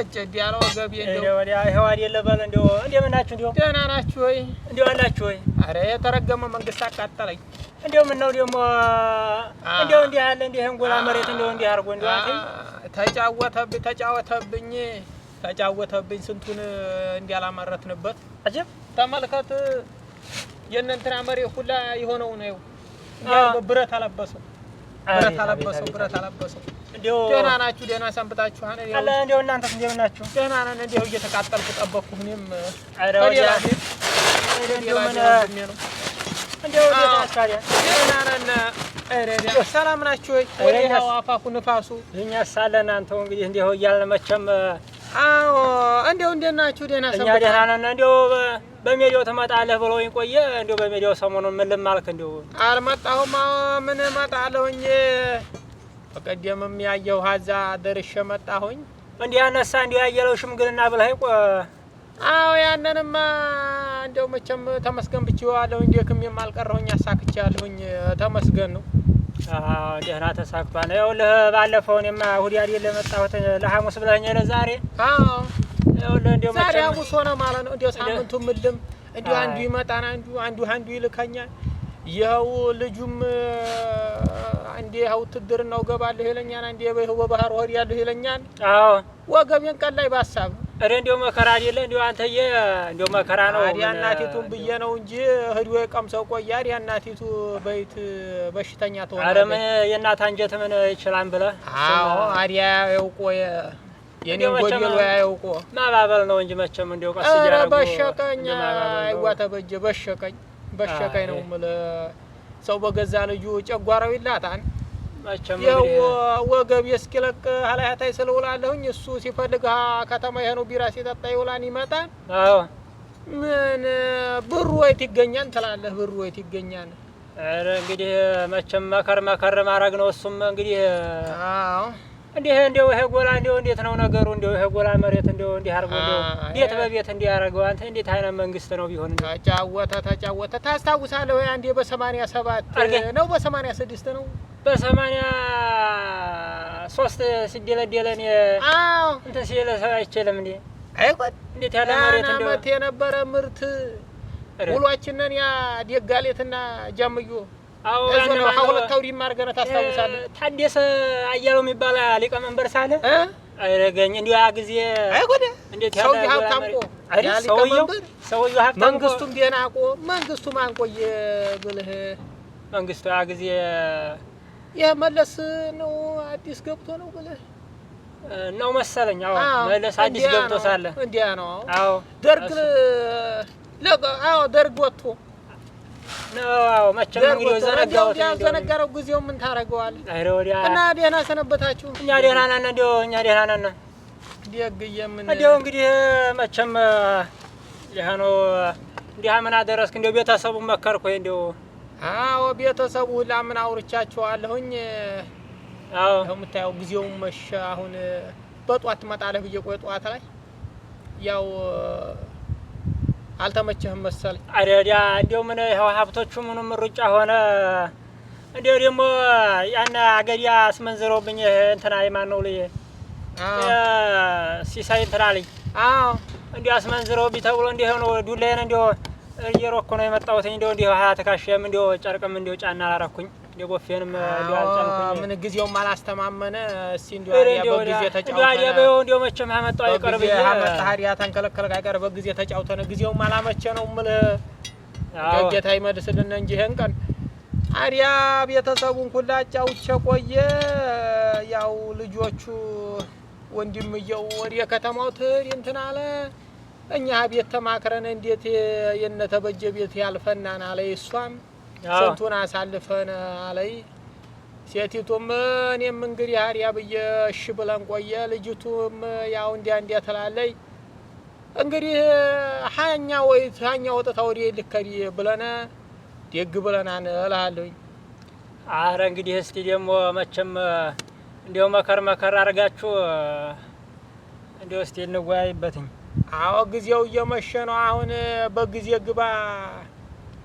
እጭድ ያለው ገቢ ይኸው አይደለ በል እንደምናችሁ እንደው ደህና ናችሁ ወይ? እንደው አላችሁ ወይ? ኧረ የተረገመ መንግስት አቃጠለኝ። እንደው ምነው ደግሞ እንደው እንዲህ ያለ እንዲህ እንጎላ መሬት እንደው እንዲህ አድርጎ እንደው ተጫወተብኝ ተጫወተብኝ ተጫወተብኝ ስንቱን እንዲያላመረትንበት አጀብ ተመልከት። የእነ መሬት ሁላ የሆነው ነው ብረት አለበሰው ብረት አለበሰው ብረት አለበሰው። ደህና ናችሁ? ደህና ሰንብታችኋል? እንደው እናንተስ እንደው ናችሁ? ደህና ነን። እንደው እየተቃጠልኩ ጠበቅኩ። እኔም ሰላም ናችሁ ወይ? ወዲያው አፋፉ ንፋሱ እኛስ አለን። አንተው እንግዲህ እንደው እያልን መቼም አዎ፣ እንደው እንደት ናችሁ? ደህና ሰንብታችሁ? እኛ ደህና ነን እንደው በሜዳው ትመጣለህ ብሎ ቆየ። እንዲሁ በሜዳው ሰሞኑን ምን ልማልክ? እንዲሁ አልመጣሁም። ምን እመጣለሁኝ? በቀደምም ያየው ሀዛ ደርሼ መጣሁኝ። እንዲህ ያነሳ እንዲሁ ያየለው ሽምግልና ብለህ ቆ አዎ፣ ያንንማ እንደው መቼም ተመስገን ብችዋለሁ። እንዲህ ክሜም አሳክቻ አሳክቻለሁኝ። ተመስገን ነው። ደህና ተሳክቷል። ይኸውልህ ባለፈውን የማ እሑድ አይደል የመጣሁት ለሐሙስ ብለኸኝ ለዛሬ። አዎ ዛሬ ሐሙስ ሆነ ማለት ነው። እንዲያው ሳምንቱ ምልም እንዲሁ አንዱ ይመጣን አንዱ አንዱ አንዱ ይልከኛል። ይኸው ልጁም ይኸው እገባለሁ ይለኛል፣ አንዴ ይኸው በባህር ይለኛል። አዎ ወገቤን ቀላይ እረ እንዲያው መከራ አይደለ እንዲያው አንተዬ፣ እንዲያው መከራ ነው። አዲያ እናቲቱን ብዬ ነው እንጂ ቆየ። አዲያ እናቲቱ በይት በሽተኛ አረ ምን የእናት አንጀት ምን ይችላል ብለህ። አዎ አዲያ ያው ቆየ የኔን ጎዴሎ ያየውቆ ማባበል ነው እንጂ መቼም እንዲያው ቀስ እያደረጉ በሸቀኝ። አይዋ ተበጀ በሸቀኝ በሸቀኝ ነው የምልህ። ሰው በገዛ ልጁ ጨጓራው ይላጣል። ያው ወገብ የስኪለቅ ሀላያታይ ስለውላለሁኝ እሱ ሲፈልግ ከተማ የሆነው ቢራ ሲጠጣ ይውላን ይመጣል። ምን ብሩ ወይት ይገኛል ትላለህ? ብሩ ወይት ይገኛል? እንግዲህ መቼም መከር መከር ማድረግ ነው እሱም እንግዲህ እንዲህ እንደው ይሄ ጎላ እንደው እንዴት ነው ነገሩ? እንደው ይሄ ጎላ መሬት እንደው እንዲህ አርጎ እንደው ቤት በቤት እንዲህ ያደረገው አንተ እንዴት አይነት መንግስት ነው ቢሆን? እንዴ? ተጫወተ ተጫወተ። ታስታውሳለህ ወይ አንዴ በሰማንያ ሰባት ነው በሰማንያ ስድስት ነው በሰማንያ ሶስት ሲደለደለን እንትን ሲለ አይችልም እንዴ አይቆት እንዴት ያለ መሬት እንደው የነበረ ምርት ውሏችንን ያ ደጋሌትና ጃምዮ ሁለታው ዲማ አድርገን ታስታውሳለህ? ታደሰ አያለው የሚባል ሊቀመንበር ሳለ አረገኝ እንዲ ያ ጊዜ ሰውዬው ሀብታም እኮ ሰውዬው ሀብታም መንግስቱም ደህና እኮ መንግስቱ ማን ቆየ ብልህ መንግስቱ ያ ጊዜ ይህ ነው አዲስ ገብቶ ነው ብልህ ነው መሰለኝ። አዎ መለስ አዲስ ገብቶ ሳለ እንዲያ ነው። አዎ ደርግ ደርግ ወጥቶ መቼም እንግዲህ ዘነጋሁት። ዘነጋረው ጊዜው ምን ታደርገዋለህ? እና ደህና ሰነበታችሁ? እኛ ደህና ነን፣ እንዲያው እኛ ደህና ነን። ደግዬ ምን እንዲያው እንግዲህ መቼም ይሄ ነው። እንዲህ ምን አደረስክ? እንዲያው ቤተሰቡን መከርኩህ እንዲያው። አዎ ቤተሰቡ ሁላ ምን አውርቻቸዋለሁኝ። አዎ የምታየው ጊዜውን መሸ። አሁን በጧት ትመጣለህ ብዬ ቆይ ጠዋት ላይ ያው አልተመቸህም መሰል አደዳ እንዲሁ ምን ይኸው ሀብቶቹ ምኑም ሩጫ ሆነ። እንዲሁ ደግሞ ያን አገዲያ አስመንዝረውብኝ እንትና የማነው ልዬ ሲሳይ እንትና ልኝ እንዲ አስመንዝረውብኝ ተብሎ እንዲ ነው ዱላዬን እንዲ እየሮኩ ነው የመጣሁት። እንዲ እንዲሁ ሀያ ተካሽም እንዲ ጨርቅም እንዲ ጫና አላረኩኝ ቦፌንም ምን ጊዜውም አላስተማመነ። እስኪ እንዲሁ ጊዜ ተጫውተን እንዲሁ መቼም አመጣው አይቀር ብዬሽ አመጣህ አይደል? ተንከለከለ አይቀር በጊዜ ተጫውተን ጊዜውም አላመቼ ነው የምልህ። ጌታ ይመልስልን እንጂ ይሄን ቀን አሪያ ቤተሰቡን ሁላ አጫውቼ ቆየ። ያው ልጆቹ ወንድምየው ወደ ከተማው ትር እንትን አለ። እኛ ቤት ተማክረን እንዴት የነተበጀ ቤት ያልፈናን አለ እሷም ስንቱን አሳልፈን አለይ ሴቲቱም እኔም እንግዲህ አሪያ ብዬ እሺ ብለን ቆየ። ልጅቱም ያው እንዲያ እንዲያ ትላለይ እንግዲህ ሀኛ ወይ ሀኛ ወጥታ ወዲ ልከዲ ብለን ደግ ብለናን እልሃለሁኝ። አረ እንግዲህ እስቲ ደግሞ መቼም እንዲያው መከር መከር አድርጋችሁ እንዲያው እስቲ እንወያይበትኝ። አዎ ጊዜው እየመሸ ነው። አሁን በጊዜ ግባ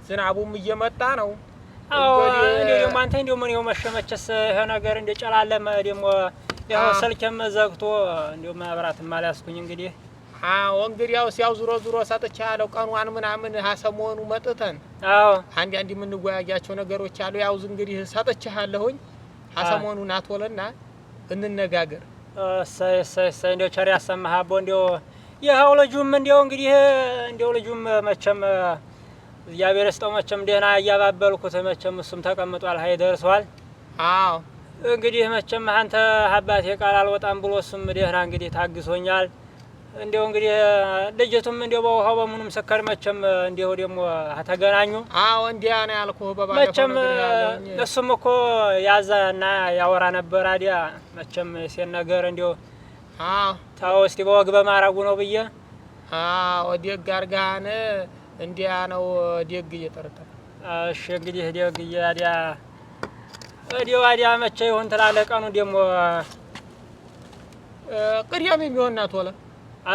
ዝናቡም እየመጣ ነው። እኔ ደግሞ አንተ እንዲሁ ምን ይኸው መሸመቸስ ይሄ ነገር እንደ ጨላለመ ደግሞ ያው ስልኬም ዘግቶ እንዲሁ መብራትም አልያዝኩኝ እንግዲህ አዎ እንግዲህ ያው ሲያው ዙሮ ዙሮ ሰጥቻ ያለው ቀኗን ምናምን ሰሞኑ መጥተን አዎ አንድ አንድ የምንወያያቸው ነገሮች አሉ። ያው እንግዲህ ሰጥቻ ሰጥቻለሁኝ ሰሞኑን አቶልና እንነጋገር። እሰይ እሰይ እሰይ እንዲያው ቸር ያሰማህ አቦ። እንዲያው ይኸው ልጁም እንዲው እንግዲህ እንዲው ልጁም መቼም እግዚአብሔር ይስጠው። መቼም ደህና እያባበልኩት መቼም እሱም ተቀምጧል፣ ሀይ ደርሷል። አዎ እንግዲህ መቼም አንተ አባቴ ቃል አልወጣም ብሎ እሱም ደህና እንግዲህ ታግሶኛል። እንዲሁ እንግዲህ ልጅቱም እንዲ በውሃው በምኑም ስከር መቼም እንዲሁ ደግሞ ተገናኙ። አዎ እንዲያ ነው ያልኩህ። መቼም እሱም እኮ ያዛና ያወራ ነበር። አዲያ መቼም ሴት ነገር እንዲው አዎ እስቲ በወግ በማረጉ ነው ብዬ ወዲህ ጋርጋን እንዲያ ነው ደግ እየጠረጠረ እሺ እንግዲህ ደግ እያዲያ እዲው አዲያ መቼ ይሆን ትላለህ ቀኑ ደግሞ ቅዳሜ የሚሆን ናት ወላ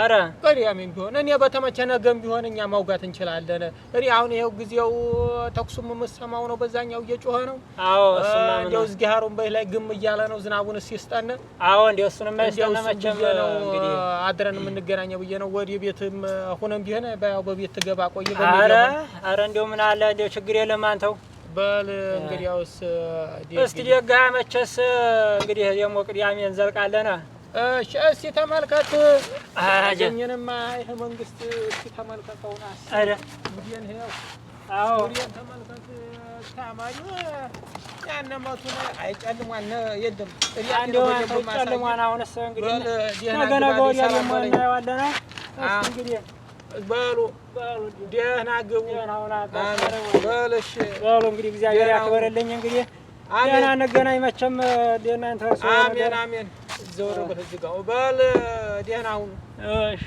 አረ ቅዳሜም ቢሆን እኔ በተመቸ ነገም ቢሆን እኛ ማውጋት እንችላለን። እኔ አሁን ይኸው ጊዜው ተኩሱም የምሰማው ነው፣ በዛኛው እየጮኸ ነው። አዎ እንደው ሀሩን በይ ላይ ግም እያለ ነው። ዝናቡን እስ እስኪስጠን። አዎ እንደው እሱን የማይስጠነመቸም ነው። አድረን የምንገናኘው ብዬ ነው። ወደ ቤትም ሁነም ቢሆን ያው በቤት ትገባ ቆይ። አረ አረ እንደው ምን አለ እንደው ችግር የለም አንተው በል እንግዲህ ያውስ እስኪ ደጋ መቸስ እንግዲህ ደግሞ ቅዳሜ እንዘልቃለን። እሺ እስቲ ተመልከት። አጀኝንማ ይሄ መንግስት እስቲ ተመልከተውና አረ ጉዴን ይሄው። አዎ ጉዴን ተመልከት። ታማኙ ያነ መቱን አይጨልሟን የለም እንዲያው አይጨልሟን። አሁንስ እንግዲህ ነገ ነገ ወዲያ ደግሞ እናየዋለን። እንግዲህ በሉ ደህና ግቡ በሉ በሉ እንግዲህ እግዚአብሔር ያክበረልኝ። እንግዲህ ደህና እንገናኝ መቼም ደህና እንተርሶ አሜን አሜን እዛው ነው ጋር በል ደህና እሺ